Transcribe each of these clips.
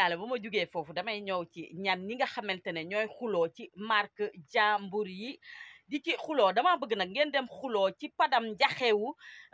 naa la bu ma jugee foofu damay ñëw ci ñan ñi nga xamante ne ñooy xuloo ci marque jàmbur yi di ci xuloo dama bëgg nag ngeen dem xuloo ci padam njaxewu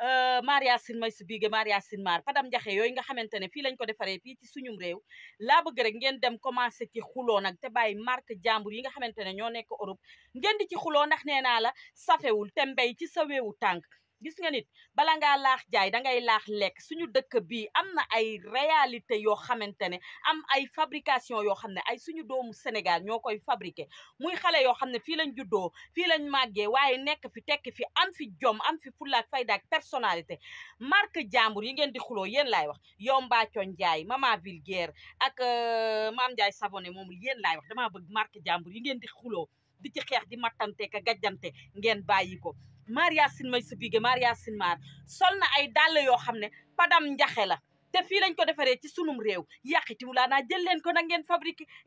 euh, Maria Sine may su bige Maria Sine Mar padam njaxe yooyu nga xamante ne fii lañ ko defaree fii ci suñum réew laa bëgg rek ngeen dem commencé ci xuloo nag te bàyyi marque jàmbur yi nga xamante ne ñoo nekk Europe ngeen di ci xuloo ndax nee naa la safewul te mbéy ci sawewu tànk gis nga nit bala ngaa laax jaay da ngay laax lekk suñu dëkk bi am na ay réalité yoo xamante ne am ay fabrication yoo xam ne ay suñu doomu Sénégal ñoo koy fabriqué muy xale yoo xam ne fii lañ juddoo fii lañ màggee waaye nekk fi tekki fi am fi jom am fi fullaak faydaak personalité marque jàmbur yi ngeen di xuloo yéen laay wax yow Mbathio Ndiaye Mama Vulgaire ak euh, Mame Ndiaye Savonné moom yéen laay wax damaa bëgg marque jàmbur yi ngeen di xuloo di ci xeex di mattante ka gàjjante ngeen bàyyi ko Maria Sine may sa bigé Maria Sine sol na ay dàll yoo xam ne padam njaxe la te fii lañ ko defaree ci sunum réew yàqiti wulaa naa jël leen ko nag ngeen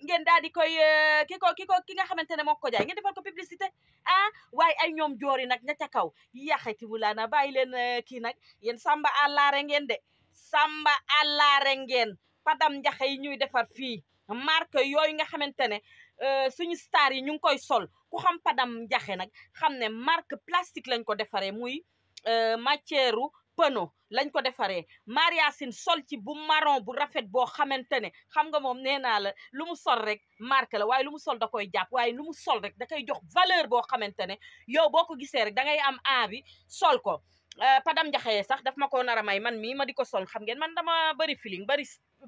ngeen daal di koy euh, ki ko ki ko ki nga xamante ne moo ko jaay ngeen defal ko publicité ah waaye ay ñoom joori nag ña ca kaw yàqiti wulaa naa bàyyi leen euh, kii nag yéen samba àllaare ngeen de samba àllaare ngeen padam njaxe yi ñuy defar fii marque yooyu nga xamante ne Euh, suñu star yi ñu ngi koy sol ku xam padam njaxe nag xam ne marque plastique lañ ko defaree muy euh, matière pano lañ ko defaree Mariasine sol ci bu maron bu rafet boo xamante ne xam nga moom nee naa la lu mu sol rek marque la waaye lu mu sol da koy jàpp waaye lu mu sol rek da koy jox valeur boo xamante ne yow boo ko gisee rek da ngay am envie sol ko Euh, padam njaxee sax daf ma ko nar a may man mii ma di ko sol xam ngeen man dama bëri feeling bëri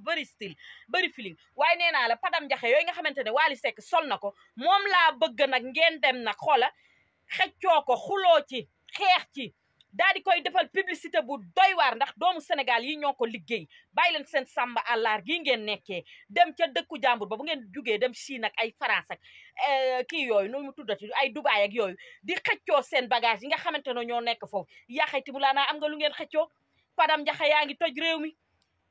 bëri style bëri feeling waaye nee naa la padam njaxe yooyu nga xamante ne Wally Seck sol na ko moom laa bëgg nag ngeen dem nag xoola xeccoo ko xuloo ci xeex ci daal di koy defal publicité bu doy waar ndax doomu Sénégal yi ñoo ko liggéey bàyyi leen seen sàmba àllaar gi ngeen nekkee dem ca dëkku jàmbur ba bu ngeen jugee dem Chine ak ay France ak eh, kii yooyu nu mu tuddati ay Dubaay ak yooyu di xëccoo seen bagage yi nga xamante ne ñoo nekk foofu yaaxayti mu laanaa am nga lu ngeen xëccoo padam njaxe yaa ngi toj réew mi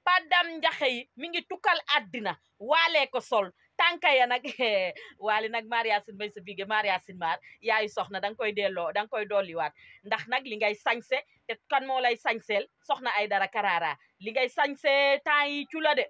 padam njaxe yi mi ngi tukkal àddina waalee ko sol tànka ya nag waali nag Maria Sine sa bige Maria Sine maar yaayu soxna danga koy delloo danga koy dolliwaat ndax nag li ngay sañse te kan moo lay sañseel soxna ay dara karaara li ngay sañse temps yi cula de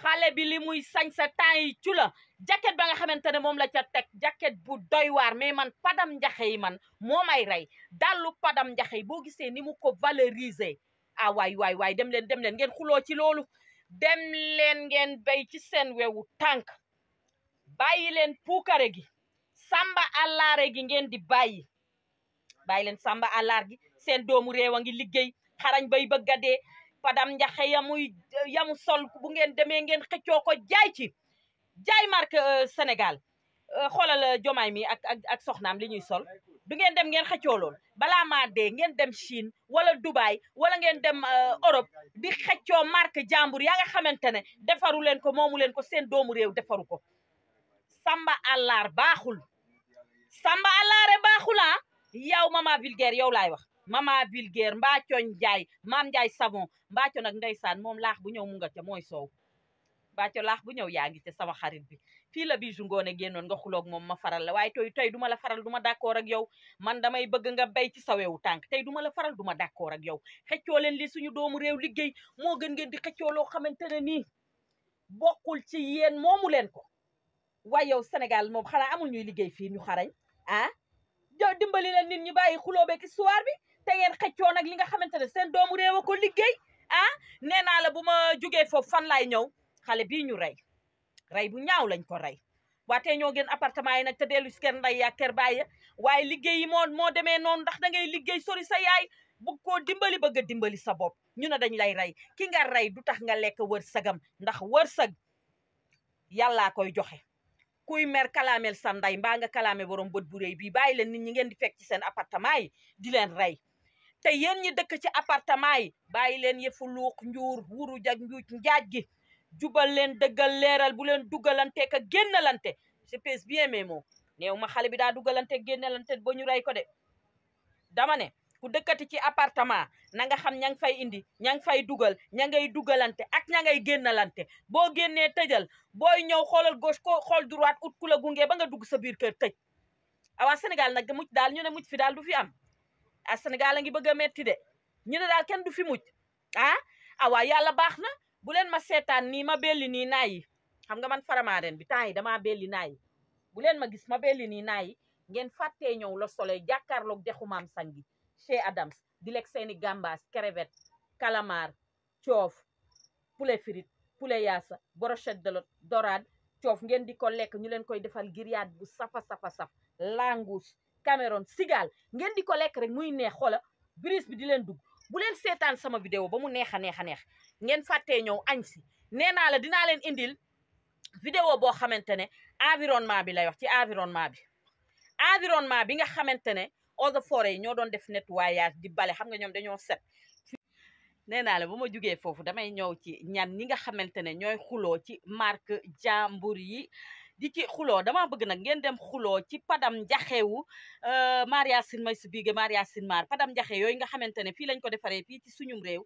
xale bi li muy sañse temps yi cula jacket ba nga xamante ne moom la ca teg jacket bu doy waar mais man padam njaxe yi man moom ay rey dallu padam njaxe yi boo gisee ni mu ko valoriser ah waay waay waay dem leen dem leen ngeen xuloo ci loolu dem leen ngeen béy ci seen wewu tànk bàyyi leen puukare gi sàmba àllaare gi ngeen di bàyyi bàyyi leen sàmba àllaar gi seen doomu réew a ngi liggéey xarañ bay bëgg a dee padam njaxe yamuy yamu sol bu ngeen demee ngeen xëccoo ko jaay ci jaay mark euh, Sénégal euh, xoolal jomaay euh, mi ak ak ak soxnaam li ñuy sol du ngeen dem ngeen xëccoo lool balaa maa dee ngeen dem Chine wala Dubai wala ngeen dem euh, Europe di xëccoo marque jàmbur ya nga xamante ne defaru leen ko moomu leen ko seen doomu réew defaru ko samba àllaar baaxul samba àllaare baaxula ah. yow mama vulgaire yow laay wax mama vulgaire mbaacoñ njaay maam njaay savon mbaaco nag ngay saan moom laax bu ñëw mu nga ca mooy sow mbaaco laax bu ñëw yaa ngi ca sama xarit bi fii la Bijou Ngoné génnoon nga xuloog moom ma faral la waaye tey tey duma la faral duma d'accord ak yow man damay bëgg nga bay ci sawewu tànk tey duma la faral duma d'accord ak yow xëccoo leen li suñu doomu réew liggéey moo gën ngeen di xëccoo loo xamante ne nii bokkul ci yéen moomu leen ko waaye yow Sénégal moom xanaa amul ñuy liggéey fii ñu xarañ ah dimbali leen nit ñi bàyyi xuloo beeg bi te ngeen xëccoo nag li nga xamante ne seen doomu réew ko liggéey ah? nee naa la bu ma jugee foofu fan laay ñëw xale bii ñu rey rey bu ñaaw lañ ko rey waatee ñoo gën appartement yi nag te dellu si kër nday yaa kër baay ya waaye liggéey yi moo demee noonu ndax da ngay liggéey sori sa yaay bëgg koo dimbali bëgg dimbali sa bopp ñu ne dañ lay rey ki nga rey du tax nga lekk wërsëgam ndax wërsëg yàllaa koy joxe kuy mer kalaamel sa nday mbaa nga kalaame borom bët bu réy bii bàyyi leen nit ñi ngeen di fekk ci seen appartement yi di leen rey te yéen ñi dëkk ci appartement yi bàyyi leen yëfu luux njuur wuru jag njuuj gi jubal leen dëggal leeral bu leen dugalanteeg ak génnalante je pèse bien mes mots néew ma xale bi daa dugalanteeg génnalante boo ñu rey ko de dama ne ku dëkkati ci appartement na nga xam ña ngi fay indi ña ngi fay dugal ña ngay dugalante ak ña ngay génnalante boo génnee tëjal booy ñëw xoolal gauche ko xool droite ut ku la gunge ba nga dugg sa biir kër tëj awaa Sénégal nag mucc daal ñu ne mucc fi daal du fi am a ah, Sénégal a ngi bëgg a metti de ñu ne daal kenn du fi mucc ah yàlla baax na bu leen ma seetaan nii ma belli nii naay yi xam nga man faramaaren bi temps yi damaa belli naay bu leen ma gis ma belli nii naay yi ngeen fàttee ñëw la soleil jàkkaarloog dexu maam sangi chez Adams di lekk seeni gambas crevette calamar coof poulet frite poulet yaasa brochette de lot dorade coof ngeen di ko lekk ñu leen koy defal grillade bu safa safa saf langous cameron sigal ngeen di ko lekk rek muy neex xoola brise bi di leen dugg bu leen seetaan sama vidéo ba mu neex a neex a neex ngeen fàttee ñëw añ si nee naa la dinaa leen indil vidéo boo xamante ne environnement bi lay wax ci environnement bi environnement bi nga xamante ne eaux et forêts yi ñoo doon def nettoyage di bale xam nga ñoom dañoo set nee naa la bu ma jugee foofu damay ñëw ci ñan ñi nga xamante ne ñooy xuloo ci marque jàmbur yi di ci xuloo damaa bëgg nag ngeen dem xuloo ci padam jaxewu euh, Maria Sin may su biige Maria Sin Mar padam jaxe yooyu nga xamante ne fii lañ ko defaree fii ci suñum réew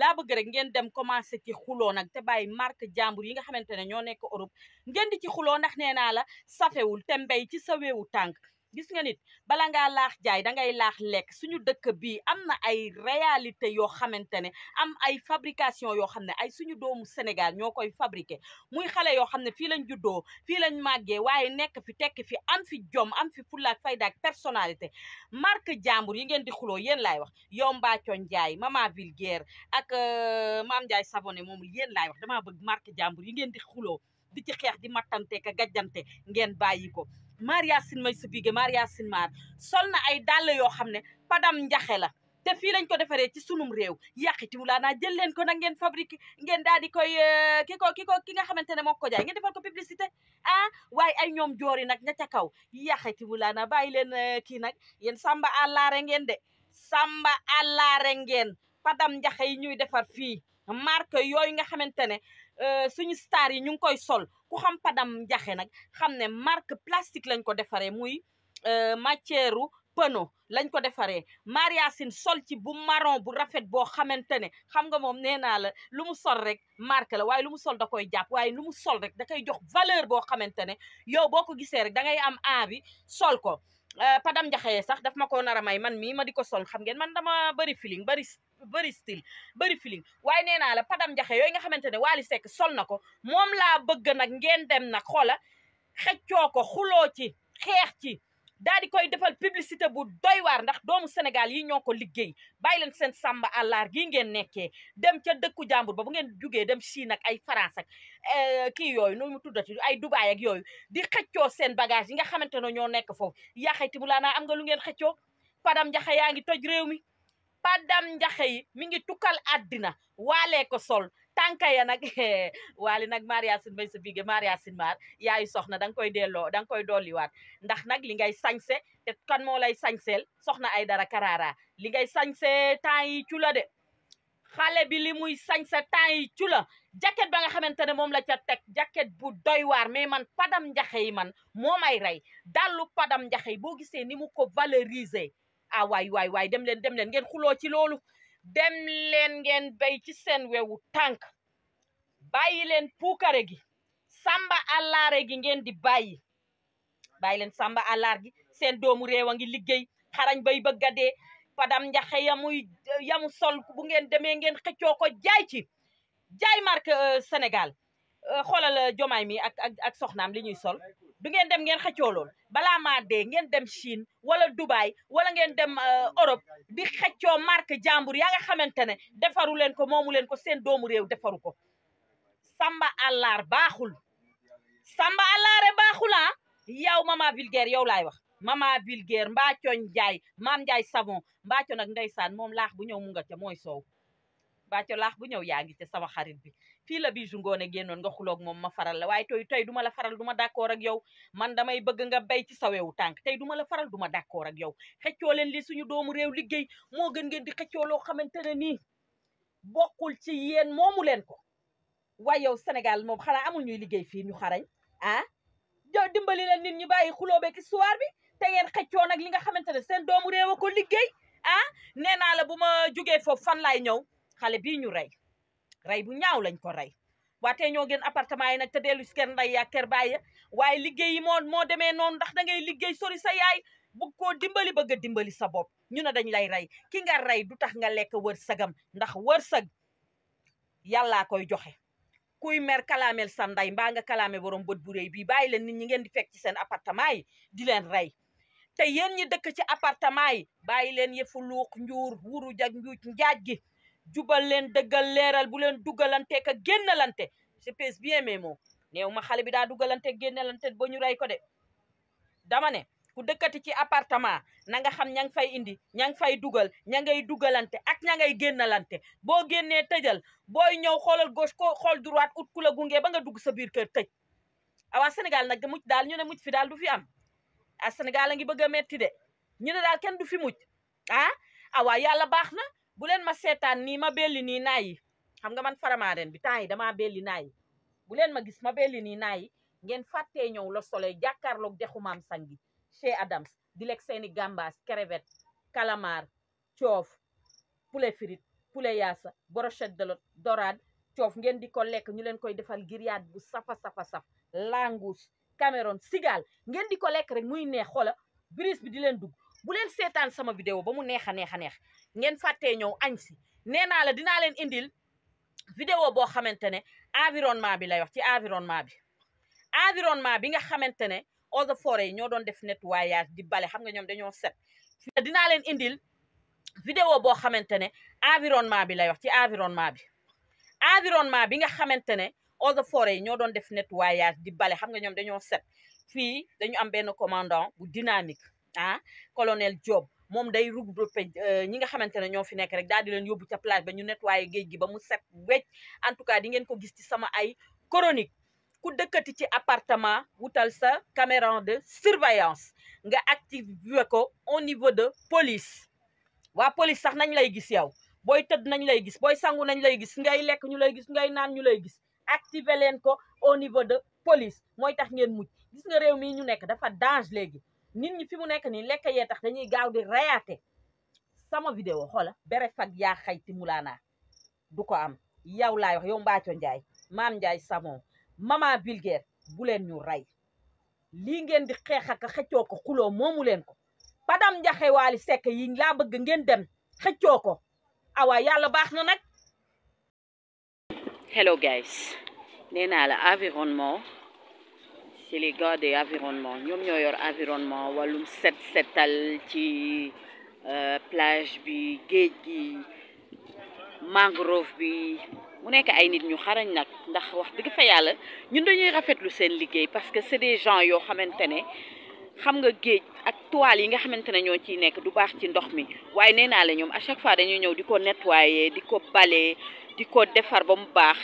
laa bëgg rek ngeen dem commencé ci xuloo nag te bàyyi marque jàmbur yi nga xamante ne ñoo nekk Europe ngeen di ci xuloo ndax nee naa la safewul te mbéy ci sawewu weewu tànk gis nga nit bala ngaa laax jaay dangay laax lekk suñu dëkk bi am na ay réalité yoo xamante ne am ay fabrication yoo xam ne ay suñu doomu Sénégal ñoo koy fabriqué muy xale yoo xam ne fii lañ juddoo fii lañ màggee waaye nekk fi tekk fi am fi jom am fi fullaak faydaak personnalité marque jàmbur yi ngeen di xuloo yéen laay wax yow Mbathio Ndiaye Mama Vulgaire ak euh, Mame Ndiaye Savonné moom yéen laay wax damaa bëgg marque jàmbur yi ngeen di xuloo di ci xeex di mattante ka gàjjante ngeen bàyyi ko Maria Sine may sa bige Maria Sine maar sol na ay dàll yoo xam ne padam njaxe la te fii lañ ko defaree ci sunum réew yàqiti wulaa naa jël leen ko nag ngeen fabriqué ngeen daal di koy euh, ki ko ki ko ki nga xamante ne moo ko jaay ngeen defal ko publicité ah waaye ay ñoom joori nag ña ca kaw yàqiti wulaa naa bàyyi leen euh, kii nag yéen samba àllaare ngeen de samba àllaare ngeen padam njaxe yi ñuy defar fii marque yooyu nga xamante ne Euh, suñu star yi ñu ngi koy sol ku xam padam njaxe nag xam ne marque plastique lañ ko defaree muy euh, matière pano lañ ko defaree Mariasine sol ci bu marron bu rafet boo xamante ne xam nga moom nee naa la lu mu sol rek marque la waaye lu mu sol da koy jàpp waaye lu mu sol rek da koy jox valeur boo xamante ne yow boo ko gisee rek da ngay am envie sol ko Euh, Padam Njaxee sax daf ma koo nar may man mii ma di ko sol xam ngeen man dama bari feeling bëri bëri style bëri feeling waaye nee naa la Padam Njaxee yooyu nga xamante ne Wally Seck sol na ko moom laa bëgg nag ngeen dem nag xoola xeccoo ko xuloo ci xeex ci daa di koy defal publicité bu doy waar ndax doomu Sénégal yi ñoo ko liggéey bàyyi leen seen sàmba àllaar gii ngeen nekkee dem ca dëkku jàmbur ba bu ngeen jugee dem Chine ak ay France ak eh, kii yooyu nu mu tuddati ay Dubaay ak yooyu di xëccoo seen bagage yi nga xamante ne ñoo nekk foofu yaaxayti mu laanaa am nga lu ngeen xëccoo padam njaxe yaa ngi toj réew mi padam njaxe yi mi ngi tukkal àddina waalee ko sol tànka ya nag waali nag Maria Sin bay sa bige Maria Sin maar yaayu soxna da nga koy delloo da nga koy dolliwaat ndax nag li ngay sañse te kan moo lay sañseel soxna ay dara karaara li ngay sañse temps yi cu de xale bi li muy sañse temps yi cu la jacket ba nga xamante ne moom la ca teg jacket bu doy waar mais man padam njaxe yi man moom ay rey dallu padam njaxe yi boo gisee ni mu ko valoriser ah waay waay waay dem leen dem leen ngeen xuloo ci loolu dem leen ngeen béy ci seen wewu tànk bàyyi leen puukare gi samba àllaare gi ngeen di bàyyi bàyyi leen samba àllaar gi seen doomu réew a ngi liggéey xarañ bay ba a padam njaxe yamuy yamu sol bu ngeen demee ngeen xëccoo ko jaay ci jaay marque euh, Sénégal euh, xoolal jomaay euh, mi ak ak ak soxnaam li ñuy sol du ngeen dem ngeen xëccoo lool balaa maa dee ngeen dem Chine wala Dubai wala ngeen dem euh, Europe di xëccoo marque jàmbur yaa nga xamante ne defaru leen ko moomu leen ko seen doomu réew defaru ko Samba àllaar baaxul Samba àllaare baaxulaa ah. yow mama vulgaire yow laay wax mama vulgaire mbaacoñ Njaay maam Njaay savon mbaaco nag ndeysaan moom laax bu ñëw mu nga ca mooy sow mbaaco laax bu ñëw yaa ngi ca sama xarit bi fii la Bijou Ngoné génnoon nga xuloog moom ma faral la waaye tey tey duma la faral duma d'accord ak yow man damay bëgg nga béy ci sawewu tànk tey duma la faral duma d'accord ak yow xëccoo leen li suñu doomu réew liggéey moo gën ngeen di xëccoo loo xamante ne nii bokkul ci yéen moomu leen ko waaye yow Sénégal moom xanaa amu ñuy liggéey fii ñu xarañ ah jo dimbali leen nit ñi bàyyi xuloo beeg bi te ngeen xëccoo nag li nga xamante ne seen doomu réew a ko liggéey ah? nee naa bu ma jógee foofu fan laay ñëw xale bii ñu rey rey bu ñaaw lañ ko rey waa tey ñoo gën appartement yi nag te dellu si kër nday yaa kër baay ya waaye liggéey yi moo moo demee noonu ndax da ngay liggéey sori sa yaay bëgg koo dimbali bëgg dimbali sa bopp ñu ne dañ lay rey ki nga rey du tax nga lekk wërsëgam ndax wërsëg yàllaa koy joxe kuy mer kalaamel sa nday mbaa nga kalaame borom bët bu réy bii bàyyi leen nit ñi ngeen di fekk ci seen appartement yi di leen rey te yéen ñi dëkk ci appartement yi bàyyi leen yëfu luux njuur wuru jag njuuj gi jubal leen dëggal leeral bu leen dugalante ka génnalante je pèse bien mes mots néew ma xale bi daa dugalante génnalante ba ñu rey ko de dama ne ku dëkkati ci appartement na nga xam ña ngi fay indi ña ngi fay dugal ña ngay dugalante ak ña ngay génnalante boo génnee tëjal booy ñëw xoolal gauche ko xool droite ut ku la gunge ba nga dugg sa biir kër tëj awaa ah, Sénégal nag mucc daal ñu ne mucc fi daal du fi am a ah, Sénégal a ngi bëgg a metti de ñu ne daal kenn du fi mucc ah, ah yàlla baax na bu leen ma seetaan nii ma belli nii naay yi xam nga man faramaaren bi temps yi damaa belli bu leen ma gis ma belli nii naay yi ngeen fàttee ñëw la soleil jàkkaarloog dexu maam sangi Chez Adams di lekk seeni gambas crevette calamar coof poulet frite poulet yaasa brochette de lot dorade coof ngeen di ko lekk ñu leen koy defal grillade bu safa safa saf langous Cameroun cigale ngeen di ko lekk rek muy neex xoola brise bi di leen dugg bu leen seetaan sama vidéo ba mu neex a neex a neex ngeen fàttee ñëw añ si nee naa la dinaa leen indil vidéo boo xamante ne environnement bi lay wax ci environnement bi environnement bi nga xamante ne eaux et yi ñoo doon def nettoyage di bale xam nga ñoom dañoo set dinaa leen indil vidéo boo xamante ne environnement bi lay wax ci environnement bi environnement bi nga xamante ne eaux et forêts yi ñoo doon def nettoyage di bale xam nga ñoom dañoo set fii dañu am benn commandant bu dynamique ah colonel Diop moom day regroupé euh, ñi nga xamante ne ñoo fi nekk rek daal di yóbbu ca plage ba ñu nettoyé géej gi ba mu set wecc en tout cas di ngeen ko gis ci sama ay chronique ku dëkkati ci appartement wutal sa caméra de surveillance nga activé ko au niveau de police waa police sax nañ lay gis yow booy tëdd nañ lay gis booy sangu nañ lay gis ngay lekk ñu lay gis ngay naan ñu lay gis activé leen ko au niveau de police mooy tax ngeen mucc gis nga réew mii ñu nekk dafa danger léegi nit ñi fi mu nekk nii lekk yee tax dañuy gaaw di reyaate sama vidéo xoola bere fag yaa xayti mulaanaa du ko am yow laay wax yow Mbathio Ndiaye maam Ndiaye Savon mama Bilguer bu leen ñu ray lii ngeen di xeex ak xëccoo ko xuloo moomu leen ko padam njaxe waali sekk yi laa bëgg ngeen dem xëccoo ko awa yàlla baax na nag hello guys nee naa la environnement ci les gars de environnement ñoom ñoo yor environnement wàllum set setal ci euh, plage bi géej gi mangrove bi mu nekk ay nit ñu xarañ nag ndax wax dëgg fa yàlla ñun dañuy rafetlu seen liggéey parce que c'est des gens yoo xamante ne xam nga géej ak toile yi nga xamante ne ñoo ci nekk du baax ci ndox mi waaye nee naa la ñoom a chaque fois dañuy ñëw di ko nettoyer di ko bale di ko defar ba mu baax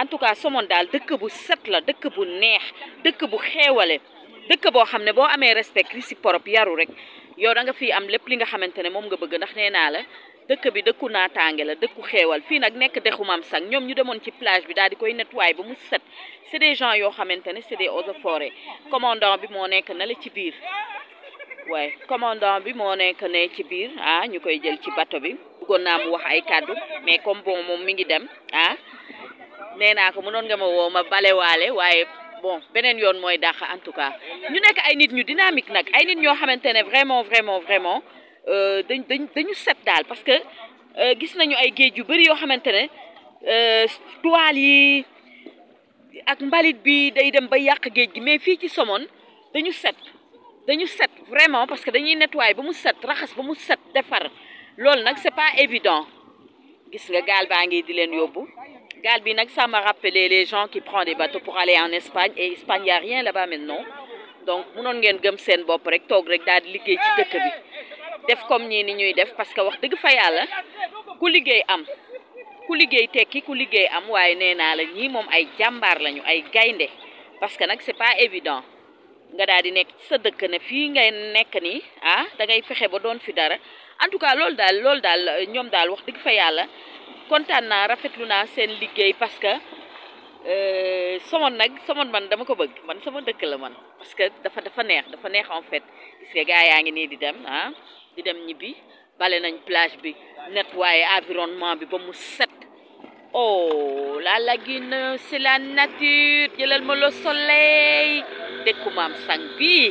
en tout cas Somone daal dëkk bu set la dëkk bu neex dëkk bu xeewale dëkk boo xam ne boo amee respect réciproque yaru rek yow da nga fi am lépp li nga xamante ne moom nga bëgg ndax nee naa la dëkk bi dëkku naataange la dëkku xeewal fii nag nekk dexu Mame Sack ñoom ñu demoon ci plage bi daal di koy nettoyer ba mu set c'est des gens yoo xamante ne c'est des eaux et forêts commandant bi moo nekk na la ci biir waaye commandant bi moo nekk ne ci biir ah ñu koy jël ci bato bi bëggoon naa mu wax ay kàddu mais comme bon moom mi ngi dem ah nee naa ko mënoon nga ma woo ma balewaale waaye bon beneen yoon mooy dàq en tout cas ñu nekk ay nit ñu dynamique nag ay nit ñoo xamante ne vraiment vraiment vraiment euh, dañ dañ dañu set daal parce que euh, gis nañu ay géej yu bëri yoo xamante ne euh, toile yi ak mbalit bi day dem ba yàq géej gi mais fii ci Somone dañu set dañu set vraiment parce que dañuy nettoyer ba mu set raxas ba mu set defar loolu nag c'est pas évident gis nga gaal baa ngi di leen yóbbu gaal bi nag ça m'a rappelé les gens qui prennent des bateaux pour aller en Espagne et Espagne y a rien là-bas maintenant donc munoon ngeen gëm seen bopp rek toog rek daal di liggéey ci dëkk bi def comme ni ni ñuy def parce que wax dëgg fa yàlla ku liggéey am ku liggéey tekki ku liggéey am waaye nee naa la ñii moom ay jàmbaar lañu ay gaynde parce que nag c'est pas évident nga daal di nekk ci sa dëkk ne fii nga nekk nii ah da ngay fexe ba doon fi dara en tout cas loolu daal loolu daal ñoom daal wax dëgg fa yàlla kontaan naa rafetlu naa seen liggéey parce que euh, somon nag somon man dama ko bëgg man sama dëkk la man parce que dafa dafa neex dafa neex en fait gis gaa yaa ngi nii di dem ah di dem ñibbi bale nañ plage bi nettoyer environnement bi ba mu set oh la lagune c'est la nature jëlal ma le soleil dëkku maam sang bii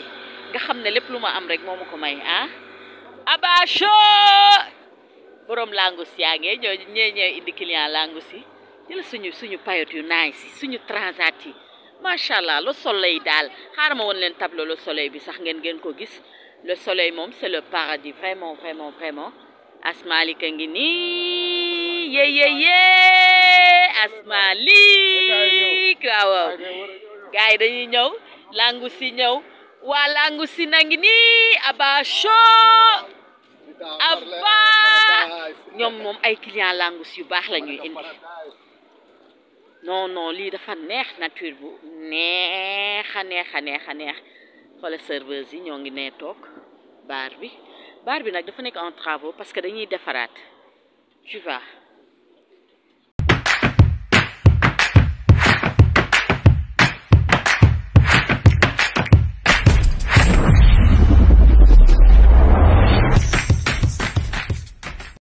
nga xam ne lépp lu ma am rek moom ma ko may ah abacho borom langus yaa ngee ñoo ñee ñee indi client langus yi jël suñu suñu payot yu nice yi suñu transat yi macha allah le soleil daal xaaral ma woon leen tableau le soleil bi sax ngeen ngeen ko gis le soleil moom c'est le paradis vraiment vraiment vraiment asmalika ngi nii yeyeye asmalik waaw gars yi dañuy ñëw langu si ñëw waa langu si nangi nii aba show aba ñoom moom ay client langu si yu baax la ñuy indi non non lii dafa neex nature bu neex a neex a neex a neex xoolal serveuse yi ñoo ngi nee toog baar bi baar bi nag dafa nekk en travaux parce que dañuy defaraat tu